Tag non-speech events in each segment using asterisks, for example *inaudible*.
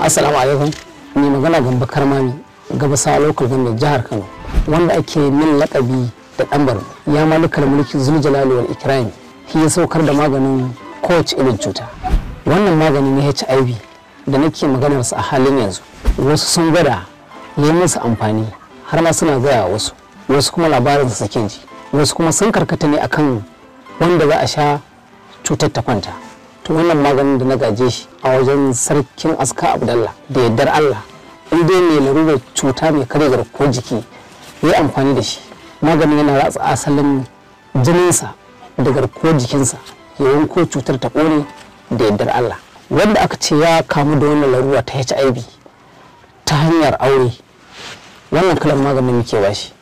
Assalamu alaikum. Ni magana gamba karmami gabasa local government jihar Kano wanda ake min lakabi da ɗanbar ya malikar mulki zuljalali wal ikrami shi ya saukar da maganin kowace irin cuta. Wannan magani na HIV da nake maganarsa a halin yanzu wasu sun gada yi musu amfani har ma suna gaya wasu wasu kuma labarin sakin ji wasu kuma sun karkata ne akan wanda za a sha cutar ta kwanta. wannan maganin da na gaje shi a wajen sarkin aska abdalla da yardar allah in dai mai larurar cuta mai karya garkuwar jiki ya yi amfani da shi maganin yana ratsa asalin jininsa da garkuwar jikinsa ya ko cutar ta kone da yardar allah wanda aka ce ya kamu da wannan larura ta hiv ta hanyar aure wannan kalan maganin muke shi,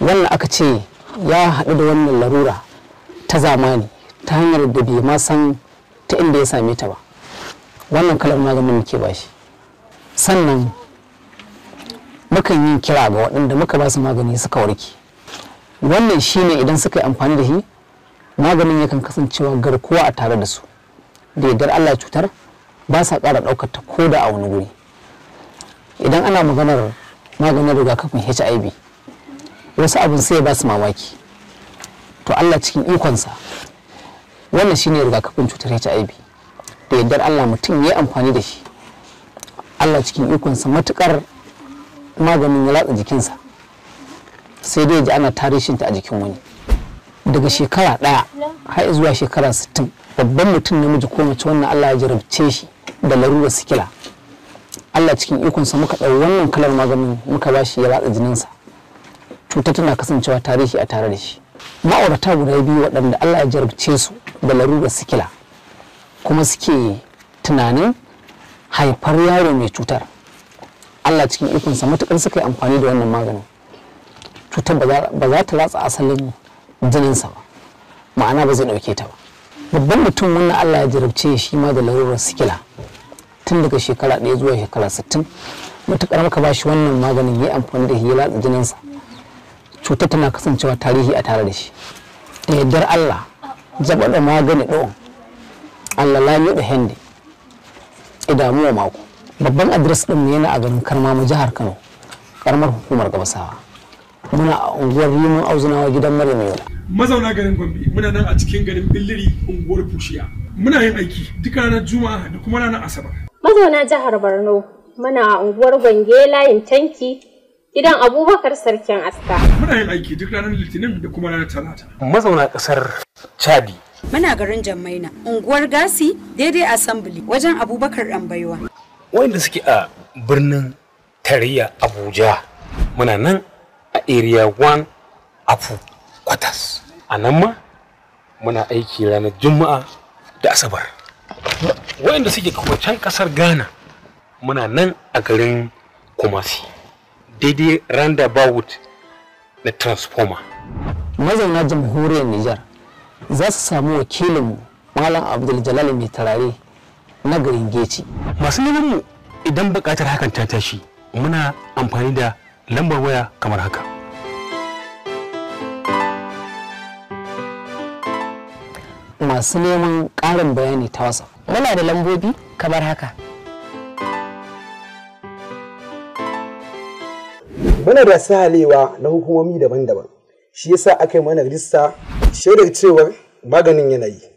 wannan aka ce ya haɗu da wannan larura ta zamani ta hanyar da bai ma san ta inda ya same ta ba wannan kalar maganin muke ba shi sannan mukan yi kira ga waɗanda muka ba su magani suka warke wannan shi ne idan suka yi amfani da shi maganin yakan kasancewa garkuwa a tare da su da yadda allah cutar ba sa ƙara ɗaukar ta ko da a wani guri idan ana maganar maganin rigakafin hiv wasu abin sai ba su mamaki to allah cikin ikonsa wannan shine rigakafin cutar HIV da yardar Allah mutum ya yi amfani da shi Allah cikin ikonsa matukar maganin ya latsa jikinsa sai dai ji ana tarishin ta a jikin wani daga shekara ɗaya har zuwa shekara sittin babban mutum miji ko mace wannan Allah ya jarabce shi da larurar sikila Allah cikin ikonsa muka ɗau wannan kalar maganin muka ba shi ya latsa jininsa cutar tana kasancewa tarihi a tare da shi ma'aurata guda biyu waɗanda Allah ya jarabce su da larurar sikila kuma suke tunanin haifar yaro mai cutar Allah cikin ikonsa matukar suka yi amfani da wannan maganin cutar ba za ta latsa asalin jininsa ba ma'ana ba zai ɗauke ta ba babban mutum wannan Allah ya jarabce shi ma da larurar sikila tun daga shekara ɗaya zuwa shekara sittin matukar maka ba shi wannan maganin ya yi amfani da shi ya latsa jininsa cutar tana kasancewa tarihi a tare da shi da yardar Allah zaba da magani ɗo Allah la lami da hende idamuwa mako babban adres ɗin yana a garin mu jihar Kano karamar hukumar gabasawa muna a unguwar liman auzunawa gidan maryam yola mazauna garin gombe muna nan a cikin garin billiri unguwar fushiya muna yin aiki duk ranar juma'a da kuma ranar asabar mazauna jihar borno muna a unguwar gwange layin tanki gidan abubakar sarkin aska. Muna yin aiki duk ranar litinin da kuma ranar talata. Mazauna ƙasar Chadi. Muna garin Jammaina, unguwar Gasi daidai Assembly wajen Abubakar baiwa. Wanda suke a birnin tarayya Abuja. Muna nan a Area 1 Afu Kwatas. A nan ma muna aiki ranar Juma'a da Asabar. Wanda suke kuma can ƙasar Ghana muna nan a garin Kumasi. daidai roundabout na transformer mazauna jamhuriyar Nijar za su samu wakilinmu Malam Abdul Jalal mai tarare na garin Geci. Masu neman idan buƙatar hakan ta tashi muna amfani da lambar waya kamar haka. Masu neman ƙarin bayani ta wasa. Muna da lambobi kamar haka. muna da sahalewa na hukumomi daban-daban shi yasa aka yi mana rista shaidar cewar maganin yanayi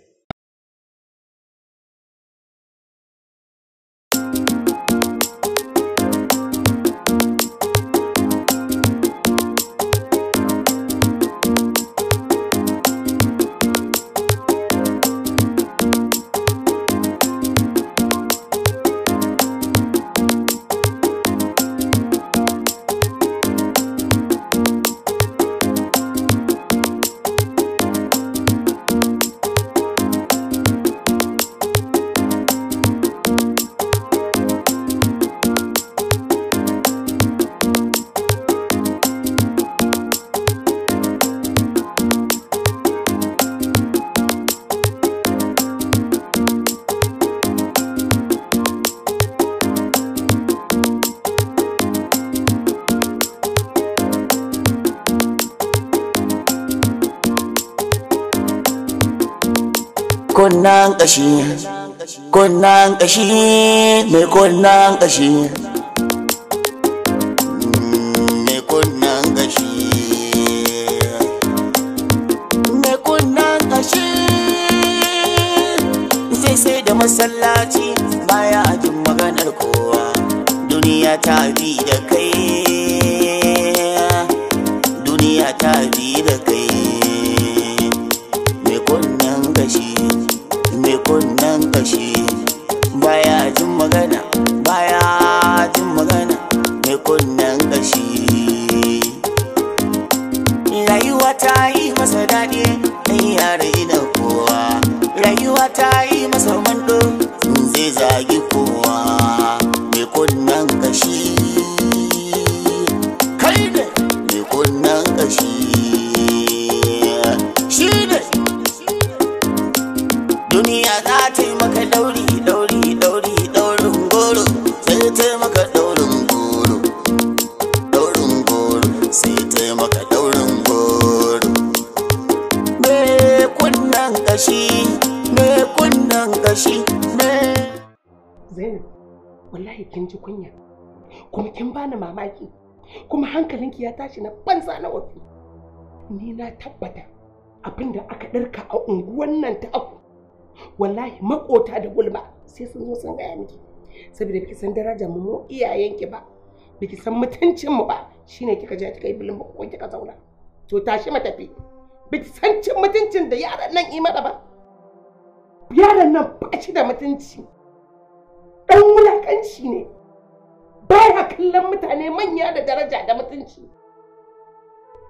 kashi kunnan kashi me kunnan kashi masallaci baya jin maganar kowa duniya ta bi da kai duniya ta bi da kai shi Zainab wallahi kin ji kunya kuma kin bani mamaki kuma hankalinki ya tashi na banza na wafi ni na tabbata abin da aka ɗarka a unguwan nan ta aku wallahi makota da gulma sai sun zo sun gaya miki saboda biki san daraja mu iyayenki ba biki san mutuncin mu ba shine kika je kika yi bilin ba kika zauna to tashi matafi biki san cin mutuncin da yaran nan yi mata ba yaron nan ba shi da mutunci ɗan wulaƙanci ne baya kallon mutane manya da daraja da mutunci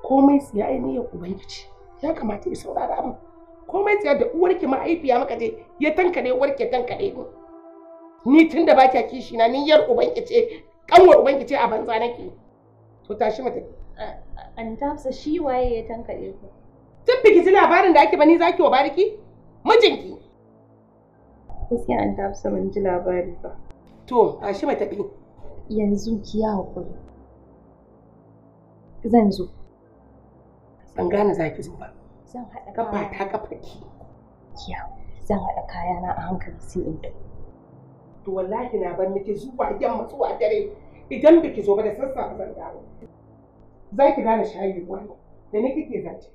komai ya ainihin ubangiji ya kamata ya saurara mu komai siya da uwarki ma'aifiya maka je ya tankare uwarki ya tankare ni ni tun da ba kya kishi na ni yar ubangiji ce kanwar ubangiji ce a banza nake to tashi mata an tafsa shi waye ya tankare ku tun biki ji labarin da ake ba ni zaki wa bariki mijinki sai an ta fi ji labari ba to a shi mai tafi yanzu ki ya hakuri zan zo ban gane za ki zo ba zan haɗa kafa ta kafa ki ya zan haɗa kayana a hankali sai in tafi to wallahi na bar miki zuwa yamma zuwa dare idan biki zo ba da sassafe zan dawo za ki gane shayi wani da ni kike zance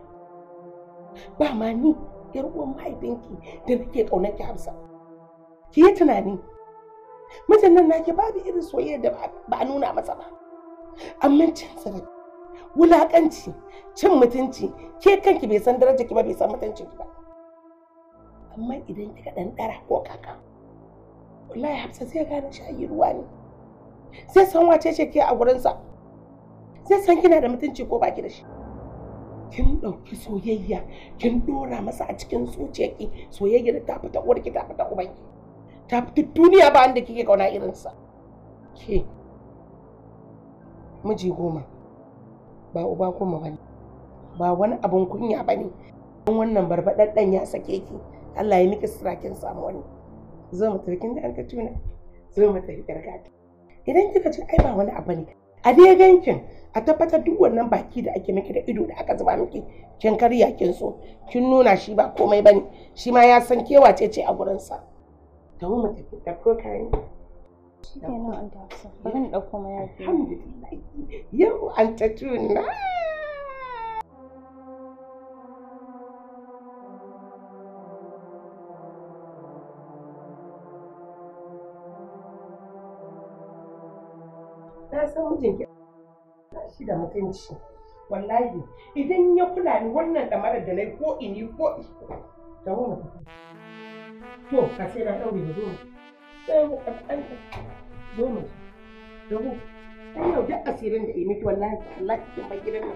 ba ma ni yar uwan mahaifinki da nake ƙauna ki Hafsa ki yi tunani mijin nan naki babu irin soyayya da ba a nuna masa ba amma cin zarafi wulakanci cin mutunci ke kanki bai san darajar ki ba bai san mutuncin ki ba amma idan kika dan dara ko kaka wallahi Hafsa zai gane shi ruwa ne zai san wace ce ke a gurinsa zai san kina da mutunci ko baki da shi kin ɗauki soyayya kin dora masa a cikin zuciyarki soyayya da ta fita uwarki ta fita ubanki ta fita duniya ba inda kike kauna irinsa ke miji goma ba uba kuma bane ba wani abin kunya bane don wannan barbaɗaɗɗen ya sake ki Allah ya miki kin samu wani zo mu tarkin kin da alka tuna zo mu tafi gargaɗi idan kika ce ai ba wani abu ne a dai gankin a tabbatar duk wannan baki da ake miki da ido da aka zuba miki kin karya kin so kin nuna shi ba komai bane shi ma ya san kewa ce ce a gurin sa ta mu tafi da ko kai shi an ta ni dauko alhamdulillah yau an ta tuna san mijinki shi da mutunci wallahi idan ya kula ni wannan damarar da na yi ko ini ko da mu mutum to ka sai na ɗaure da zuwa sai mu ɗan zo mu da mu dan yau duk asirin da yi wallahi Allah ki kin gidan nan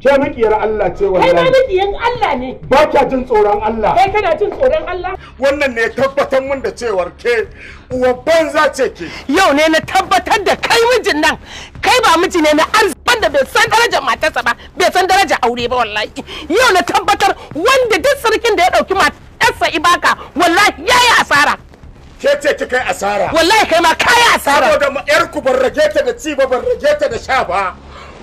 ke makiyar Allah ce wallahi kai ma makiyin Allah ne ba kya jin tsoron Allah kai kana jin tsoron Allah wannan ne tabbatar mun da cewar ke uwa banza ce ke yau ne na tabbatar da kai mijin nan kai ba miji ne na arzikin da bai san darajar matarsa ba bai san darajar aure ba wallahi yau na tabbatar wanda duk sarkin da ya dauki matarsa ibaka wallahi yayi asara ke ce ki kai asara wallahi kai ma kai asara saboda yar ku ban rage ta da ci ba ban rage ta da sha ba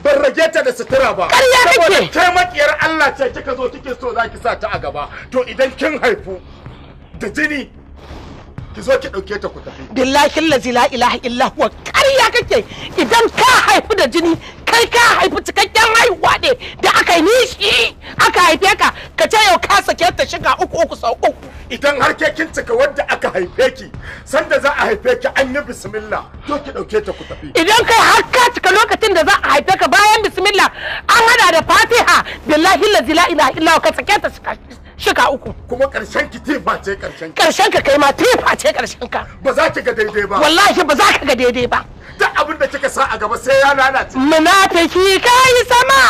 ban rage ta da sutura ba ƙarya kake saboda kai makiyar Allah ce kika zo kike so za ki sa ta a gaba to idan kin haifu da jini ki zo ki dauke ta ku tafi billahi allazi la ilaha illa huwa ƙarya kake idan ka haifu da jini kai ka haifi cikakken haihuwa ne da aka yi nishi aka haife ka ka ce yau ka sake ta shiga uku uku sau uku idan har ke kin cika wadda aka haife ki sanda za a haife ki an yi bismillah to ki dauke ta ku tafi idan kai har ka cika lokacin da za a haife ka bayan bismillah an hada da fatiha billahi la ilaha illa ka sake ta shika uku kuma karshen ki ba ce karshen ki karshen ka kai ma ba ce karshen ka ba za ki ga daidai ba wallahi ba za ka ga daidai ba duk abin da kika sa a gaba sai ya lalace munafiki kai sama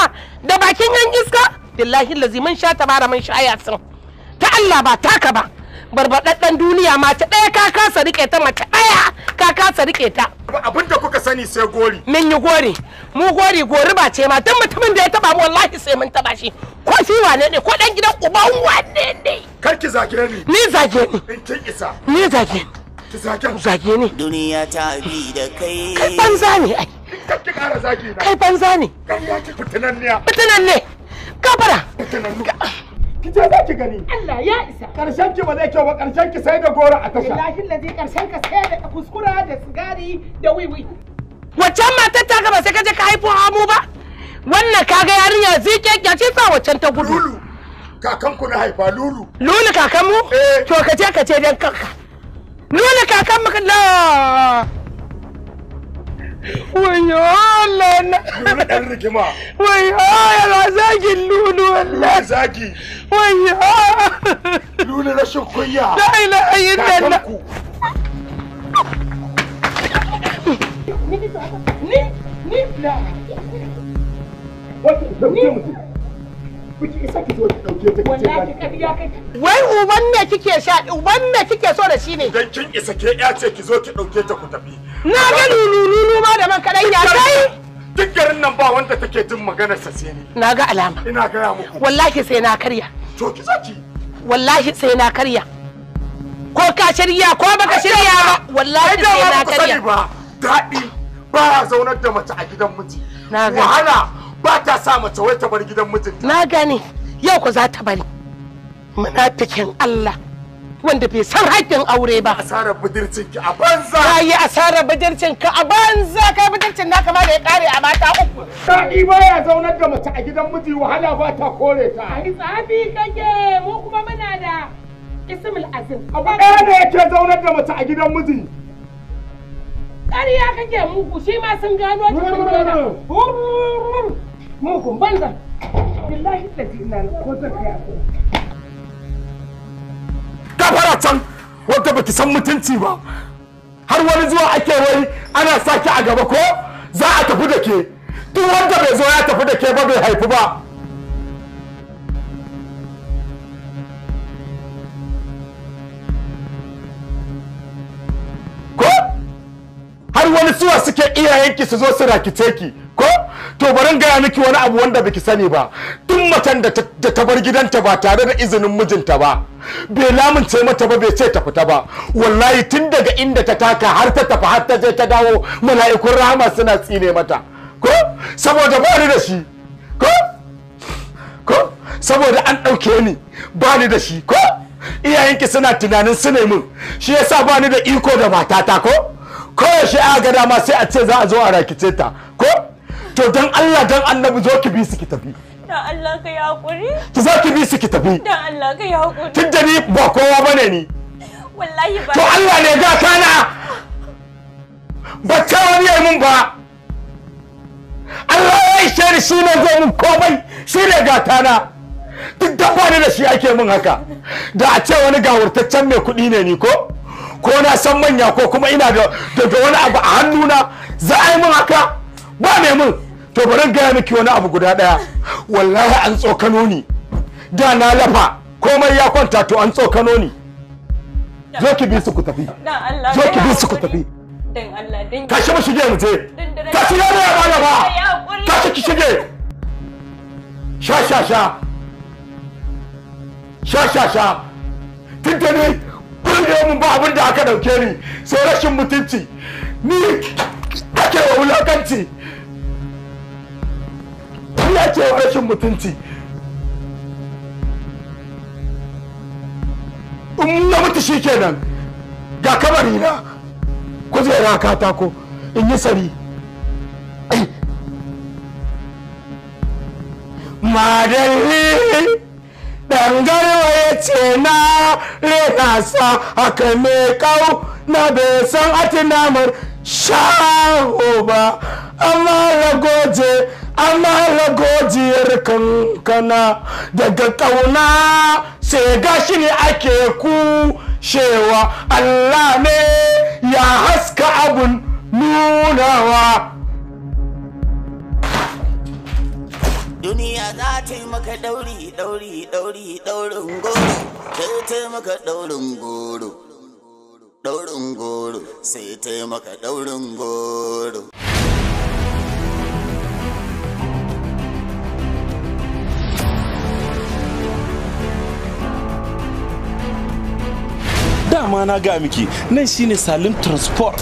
da bakin yan iska billahi laziman sha tabara man sha yasin ta Allah ba taka ba barbadaddan duniya mace ɗaya ka kasa rike ta mace ɗaya ka kasa rike ta abin da kuka sani sai gori min yi gori mu gori gori ba ce ma don mutumin da ya taba mu wallahi sai mun taba shi ko shi wane ne ko dan gidan uban wane ne kar ki zage ni ni zage ni in kin isa ni zage ni ki zage ni zage ni duniya ta bi da kai kai banza ne ai ki kara zage na kai banza ne kai ya ki fitinan ne fitinan ne kabara fitinan ne ki je za ki gani Allah ya isa karshen ki ba zai kyau ba karshen ki sai da goro a tasha wallahi lazi karshen ka sai da kuskura da sigari da wiwi waccan matar ta gaba sai ka je ka haifo amu ba wannan kaga yarinya zikekiya ce sa waccan ta gudu lulu kakan ku na haifa lulu lulu kakan mu eh. to ka je ka je dan kanka lulu kakan mu la ويولانا لولو الجماعة انا زاكي اللولو ولا زاكي ويا لولو لا شكوية لا اله الا الله ني ني ني isa ki zo ki ta wai uban me kike sha uban me kike so da shi ne dan kin isa ke ya ce ki zo ki dauke ta ku tafi na ga nunu ma da man kadan ya kai duk garin nan ba wanda take jin maganar sa sai ni na ga alama ina ga ya muku wallahi sai na karya to ki ki. wallahi sai na karya ko ka shirya ko baka shirya ba wallahi sai na karya ba daɗi ba zaunar da mace a gidan miji Na wahala ba ta sa mace wai ta bar gidan mijinta na gane yau ko za ta bari munafikin Allah wanda bai san haƙƙin aure ba Asara budurcin ki a banza ka yi asarar budurcin ka a banza kai budurcin naka ma da ya kare a mata uku sa'i ba ya zaunar da mace a gidan miji wahala ba ta kore ta ai tsafi kake mu kuma muna da ismul azim abu ɗaya da yake zaunar da mace a gidan miji ƙarya kake muku shi ma sun gano ta sun gano mugun banza billahi da ko kai abu kafara can wanda baki san mutunci ba har wani zuwa ake wai ana saki a gaba ko za a tafi da ke duk wanda bai zo ya tafi da ke ba bai haifi ba ko har wani suwa suke iyayenki su zo su rakice ki ko to bari gaya miki wani abu wanda baki sani ba duk macen da ta bar gidanta ba tare da izinin mijinta ba bai lamunce mata ba bai ce ta fita ba wallahi tun daga inda ta taka har ta tafi har ta je ta dawo mala'ikun rahama suna tsine mata ko saboda ba ni da shi ko ko saboda an ɗauke ni ba ni da shi ko iyayenki suna tunanin su ne min shi yasa ba ni da iko da matata ko ko yaushe aka ga dama sai a ce za a zo a rakice ta ko to dan Allah dan annabi zo ki bi su ki tafi dan Allah ka yi hakuri ki zo ki bi su ki tafi dan Allah ka yi hakuri tun da ni ba kowa bane ni wallahi ba to Allah ne ga kana ba ta wani mun ba Allah ya ishe ni shi ne zo mun komai shi ne ga kana duk da ba da shi ake mun haka da a ce wani gawurtaccen mai kuɗi ne ni ko ko na san manya ko kuma ina da wani abu a hannuna za a yi mun haka ba mai mun to bari gaya miki wani abu guda daya wallahi an tsokano ni da na lafa komai ya kwanta to an tsokano ni zo ki bi su ku tafi zo ki bi su ku tafi tashi mu shige mu je tashi ya bala ba ka shi ki shige sha sha sha sha sha sha tun da ni kullum mun ba abin da aka dauke ni sai rashin mutunci ni ake wa wulakanci lalacewa rashin mutunci in na mutu shi kenan ga kabari na ta ko in yi sari madalli dangarwa ya ce na rena sa haka mai kau na bai san atinamar shaho ba amma na goje amala godiyar kankana daga ƙauna sai gashi ne ake ku shewa Allah ne ya haska abun nunawa duniya za ta yi maka dauri dauri dauri daurin goro sai ta yi maka daurin goro daurin goro sai ta yi maka daurin goro dama na ga miki nan shine salim transport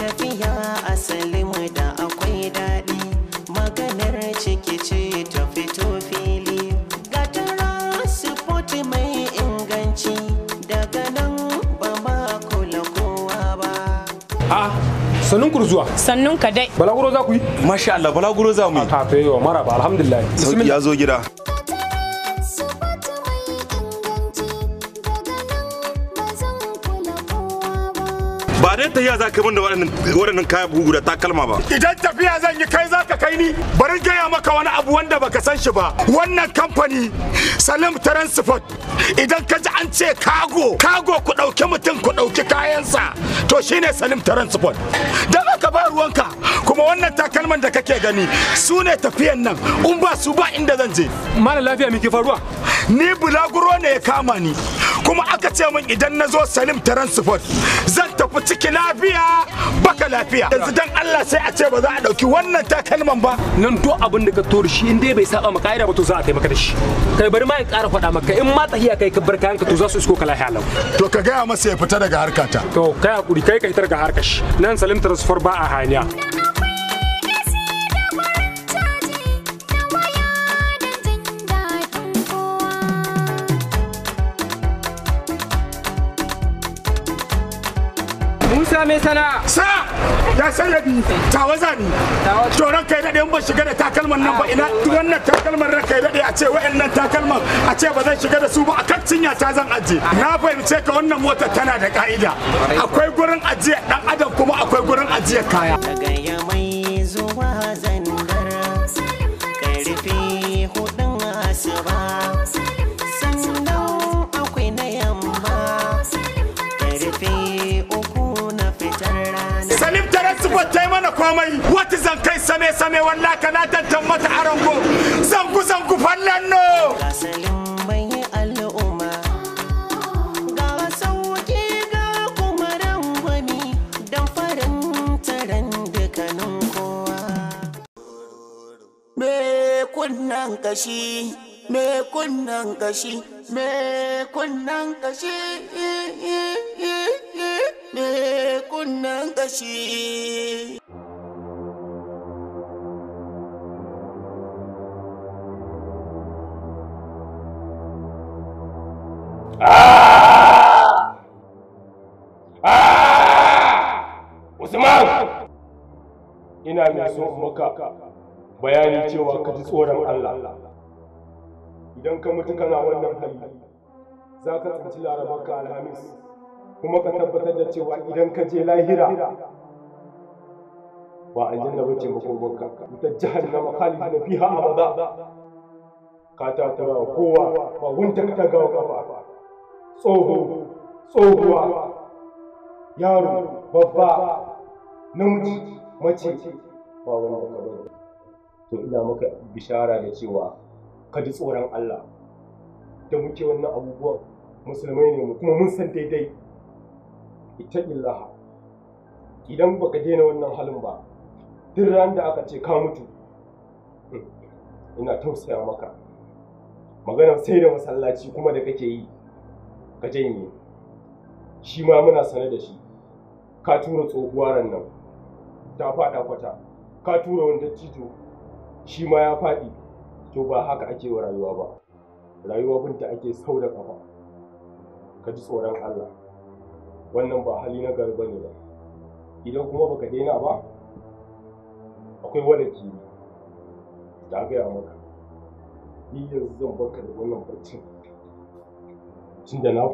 sannun ku zuwa sannun ka dai balaguro za ku yi masha Allah balaguro za mu yi ta mara maraba alhamdulillah ya zo gida tafiya za ka da waɗannan kaya bugu da takalma ba. Idan tafiya zan yi kai za ka kai ni bari gaya maka wani abu wanda baka san shi ba. Wannan kamfani Salim Transport idan ka ji an ce kago kago ku ɗauki mutum ku ɗauki kayansa to shine Salim Transport. da aka ba ruwanka kuma wannan takalman da kake gani su ne tafiyan nan in ba su ba inda zan je. Mara lafiya me faruwa? Ni bulaguro ne ya kama ni kuma aka ce min idan na zo Salim Transport zan tafi cikina lafiya baka lafiya yanzu dan Allah sai a ce ba za a dauki wannan takalman ba nan to abin da ka tori shi in dai bai saba maka aida ba to za a taimaka da shi kai bari ma in ƙara faɗa maka in ma tsahiya kai ka bar kayan ka to za su isko ka lafiya lau to ka gaya masa ya fita daga harkata to kai hakuri kai ka fitar daga harkashi nan salim transfer ba a hanya Musa mai sana'a. Sa! Ya sallabi tawa ni To ran kai daɗe in ba shiga da takalman nan ba ah, ina wannan takalman ran kai daɗe a ce wa'annan takalman a ce ba zan shiga da su ba a kan cinya ta zan aje. Ah. Na fahimce ka wannan motar tana da ka'ida. Akwai gurin ajiyar ɗan adam kuma akwai gurin ajiyar kaya. zuwa hudun komai wata zan kai same same walla kana tantan mata arango zan ku zan ku fallan no Me kunnan kashi, me kunnan kashi, me kunnan kashi. me kunnen kashi. Ah! Ah! Usman ina mai so maka bayani cewa ka ji tsoron Allah idan ka mutu kana wannan hali za ka tsinci larabarka alhamis kuma ka tabbatar da cewa idan ka je lahira ba a aljanna ba ce makomarka ta jahannama khalidina fiha abada ka ta tara kowa ba wunta ka ta gawa kafa tsoho tsohuwa yaro babba namiji mace ba wani baka to ina maka bishara da cewa ka ji tsoron Allah da muke wannan abubuwan musulmai ne mu kuma mun san daidai ita illaha idan baka daina wannan halin ba duk ran da aka ce ka mutu hmm, ina tausaya maka maganar sai da masallaci kuma da kake yi ka janye shi ma muna sane da shi ka tura tsohuwa nan ta faɗa kwata ka tura wani dattijo shi ma ya faɗi to ba haka ake wa rayuwa ba rayuwa binta ake sau da ƙafa ka ji tsoron Allah wannan ba hali na gari ne ba idan kuma baka daina ba akwai wanda ke da gaya maka ni yanzu zan baka da wannan barcin 充电了。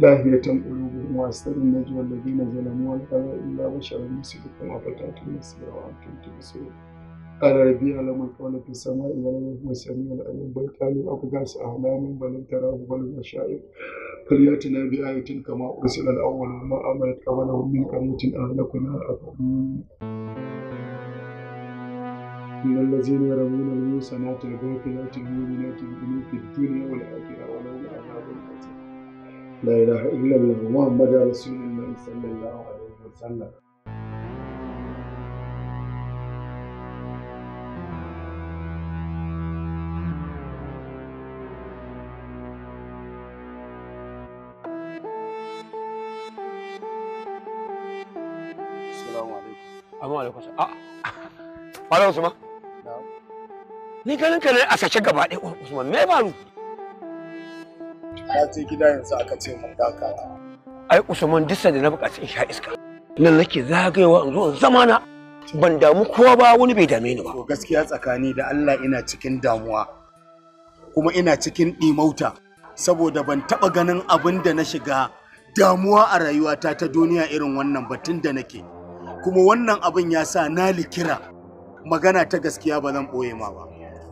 لاهية قلوبهم وأسر النجوى الذين ظلموا والقضاء إلا بشر مثلكم وفتاة مصيرا وأنتم تبصرون قال ربي يعلم القول في السماء والأرض هو السميع العليم بل كانوا أبغاس أحلاما بل لم تراه بل هو شاعر فليأتنا بآية كما أرسل الأول وما آمنت قبلهم من قرية أهلكنا أفهم إن الذين يرمون المحصنات الغافلات المؤمنات في الدنيا والآخرة لا إله إلا الله محمد رسول الله صلى الله عليه وسلم Assalamualaikum. Ah. Falo Ah, Ni kan kan asa cakap ada Usman. Me baru. na gida yanzu aka ce mu daka ai usman duk da na bukaci sha iska nan nake zagayewa in zo in zama na ban damu kowa ba wani bai dame ni ba to gaskiya tsakani da Allah ina cikin damuwa kuma ina cikin ɗimauta saboda ban taba ganin abin da na shiga damuwa a rayuwata ta duniya irin wannan batun da nake kuma wannan abin ya sa na likira magana ta gaskiya ba zan ɓoye ma ba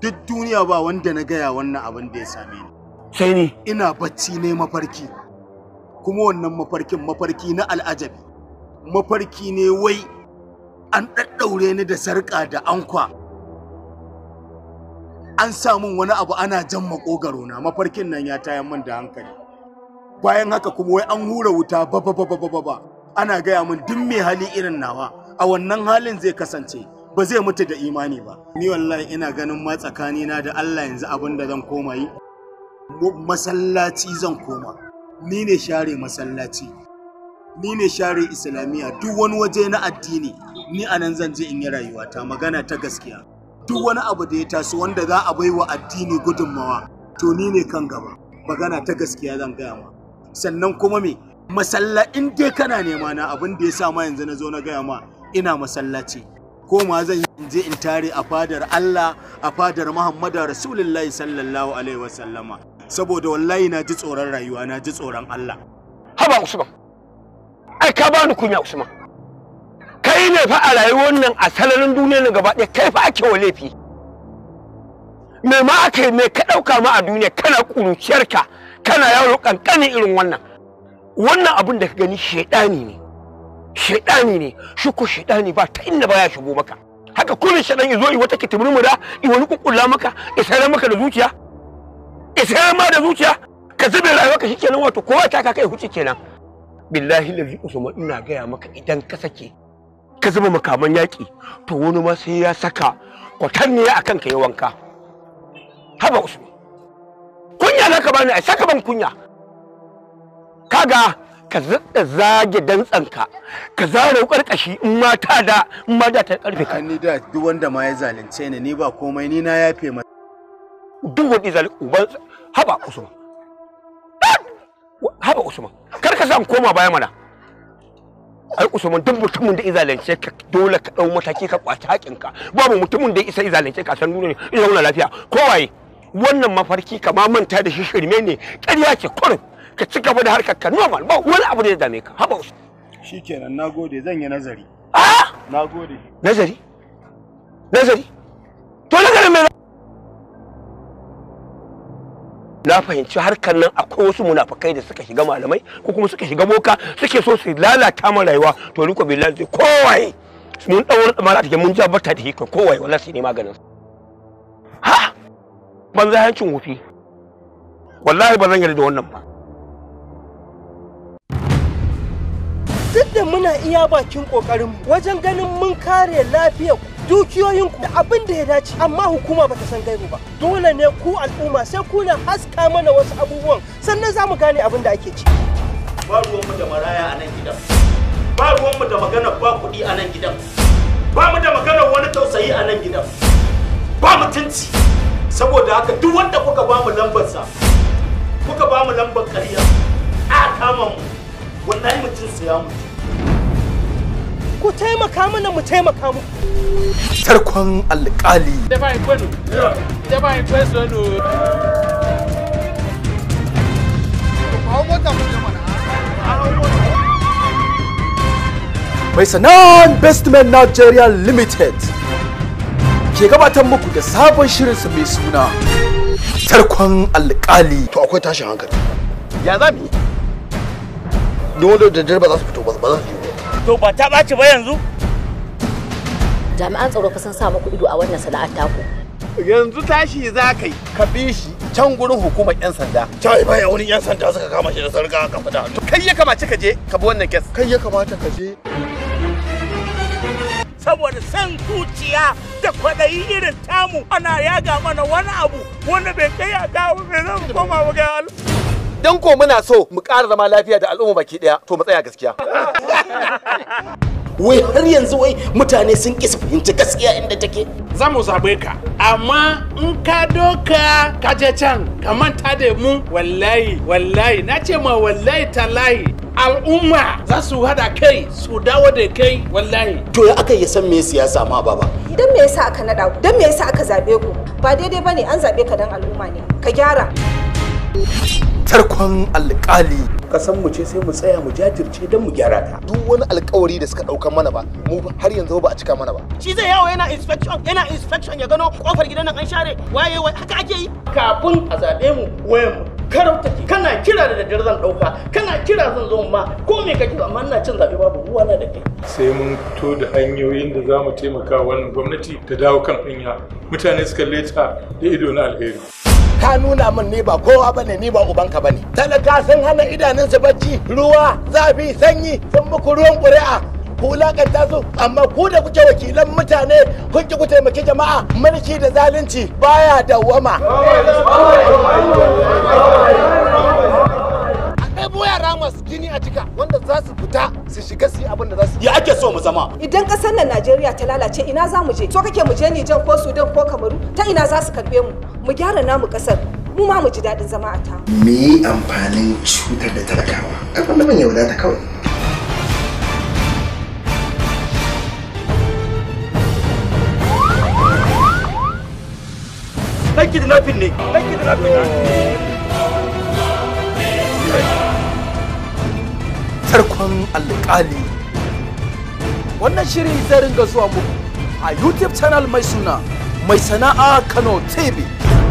duk duniya ba wanda na gaya wannan abin da ya same ni sai ne ina bacci ne mafarki kuma wannan mafarkin mafarki na al'ajabi mafarki ne wai an ɗaɗɗaure ni da sarƙa da ankwa an samun wani abu ana jan maƙogaro na mafarkin nan ya tayan min da hankali bayan haka kuma wai an hura wuta ba ana gaya min duk mai hali irin nawa a wannan halin zai kasance ba zai mutu da imani ba ni wallahi ina ganin ma tsakanina da Allah yanzu abin da zan koma yi masallaci zan koma ni ne share masallaci ni ne share islamiyya duk wani waje na addini ni a nan zan je in yi rayuwata magana ta gaskiya duk wani abu da ya taso wanda za a bai wa addini gudunmawa to ni ne kan gaba magana ta gaskiya zan gaya ma sannan kuma me masalla in dai kana nema na abin da ya sa ma yanzu na zo na gaya ma ina masallaci ko ma zan je in tare a fadar Allah a fadar Muhammadu Rasulullahi sallallahu alaihi wasallama saboda wallahi na ji tsoron rayuwa na ji tsoron Allah haba Usman ai ka bani kunya Usman kai ne fa a rayuwar nan a sararin duniya ne gaba ɗaya kai fa ake wa laifi me ma aka me ka ɗauka ma a duniya kana ƙuruciyarka kana yaro kankanin irin wannan wannan abin da ka gani shedani ne shedani ne shi ko shedani ba ta inda ba ya shigo maka haka kullum shedan ya zo yi wata kitimurmura i wani kukkulla maka ya sayar maka da zuciya isa ma da zuciya ka zube rayuwa ka kenan wato kowa ta ya huce kenan billahi lazi usman ina gaya maka idan ka sake ka zuba makaman yaƙi to wani ma sai ya saka kwatanniya akan ka yi wanka haba usman kunya na ka bani a saka ban kunya kaga ka zaɗa zage dantsanka ka zare wukar in mata da in ma da ta karfe ka ni da duk wanda ma ya zalunce ni ni ba komai ni na yafe masa duk wani zalik uban haba usman haba usman kar ka san koma baya mana ai usman duk mutumin da izalance ka dole ka dau mataki ka kwaci hakinka babu mutumin da isa izalance ka san nuna in zauna lafiya waye wannan mafarki ka ma manta da shi shirme ne ƙarya ce kurin ka ci gaba da harkar ka normal ba wani abu da ya dame ka haba usman shikenan nagode zan yi nazari ah nagode nazari nazari to nazarin me na fahimci harkar nan akwai wasu munafukai da suka shiga malamai ko kuma suka shiga boka suke so su lalata min rayuwa to ni ko billahi kowai mun da mara take mun ja bata da hikka kowai wallahi ne maganin ha Ban zai hancin wufi wallahi ba zan yarda da wannan ba duk da muna iya bakin kokarin wajen ganin mun kare lafiyar Dukiyoyin ku abin da ya dace amma hukuma bata san gairu ba dole ne ku al'umma sai ku na haska mana wasu abubuwan sannan za mu gane abin da ake ci ba ruwanmu da maraya a nan gidan ba ruwanmu da magana ba kuɗi a nan gidan ba mu da magana wani tausayi a nan gidan ba mutunci saboda haka duk wanda kuka ba mu lambar sa, kuka ba mu lambar ƙarya a kama mu wallahi mutum ya mutu ku taimaka mana mu taimaka mu tarkon alƙali da bai kwano da bai kwano mai sana'an bestman nigeria limited ke gabatar muku da sabon shirinsa mai suna tarkon alƙali to akwai tashin hankali ya zami. mu yi dole da dare ba za su fito ba za su to ba ta ɓaci ba yanzu jami'an tsaro fa sun sa muku ido a wannan sana'ar taku yanzu tashi za ka yi ka bi shi can gurin hukumar yan sanda cai ya wani yan sanda suka kama shi da sarka ka fita kai ya kamace ka je ka bi wannan kes kai ya kamata ka je saboda san zuciya da kwaɗayi irin tamu ana yaga mana wani abu wanda bai kai ya dawo bai zan koma ga Allah. Dan ko muna so mu ƙara zama lafiya da al'umma baki ɗaya to mu tsaya gaskiya. *laughs* wai har yanzu wai mutane sun ƙi su fahimci gaskiya inda take za mu zaɓe ka amma in ka doka ka je can ka manta da mu wallahi wallahi na ce ma wallahi talahi al'umma za su hada kai su dawo da kai wallahi to ya aka yi san me siyasa ma baba idan me yasa aka nada ku idan me yasa aka zabe ku ba daidai bane an zabe ka dan al'umma ne ka gyara tarkon alƙali kasan mu ce sai mu tsaya mu jajirce don mu gyara ta duk wani alkawari da suka dauka mana ba mu har yanzu ba a cika mana ba shi zai yawo yana inspection yana inspection ya gano kofar gidan nan an share waye waye haka ake yi kafin a zabe mu wayan mu karau ki kana kira da daddare zan dauka kana kira zan zo ma ko me kake amma ina cin zabe babu ruwa na da kai sai mun to da hanyoyin da za mu taimaka wannan gwamnati ta dawo kan hanya mutane suka leta da ido na alheri ka nuna min ne ba kowa bane ni ba ubanka bane talaka sun hana idanunsu bacci ruwa zafi sanyi sun muku ruwan ƙuri'a ku lakanta su amma ku da kuke wakilan mutane kun ki ku taimaki jama'a mulki da zalunci baya dawwama ɗebo yara masu jini a jika wanda za su fita su shiga su yi abin da za su ya ake so mu zama idan ƙasar nan Najeriya ta lalace ina za mu je so kake mu je jan ko Sudan ko Kamaru ta ina za su karɓe mu mu gyara namu ƙasar mu ma mu ji daɗin zama a ta me yi amfanin cutar da talakawa abin da ban wadata kawai Thank you, the nothing, Nick. Thank you, the nothing, Nick. tarkon alƙali wannan shiri zai ringa zuwa muku a youtube channel mai suna mai sana'a kano tv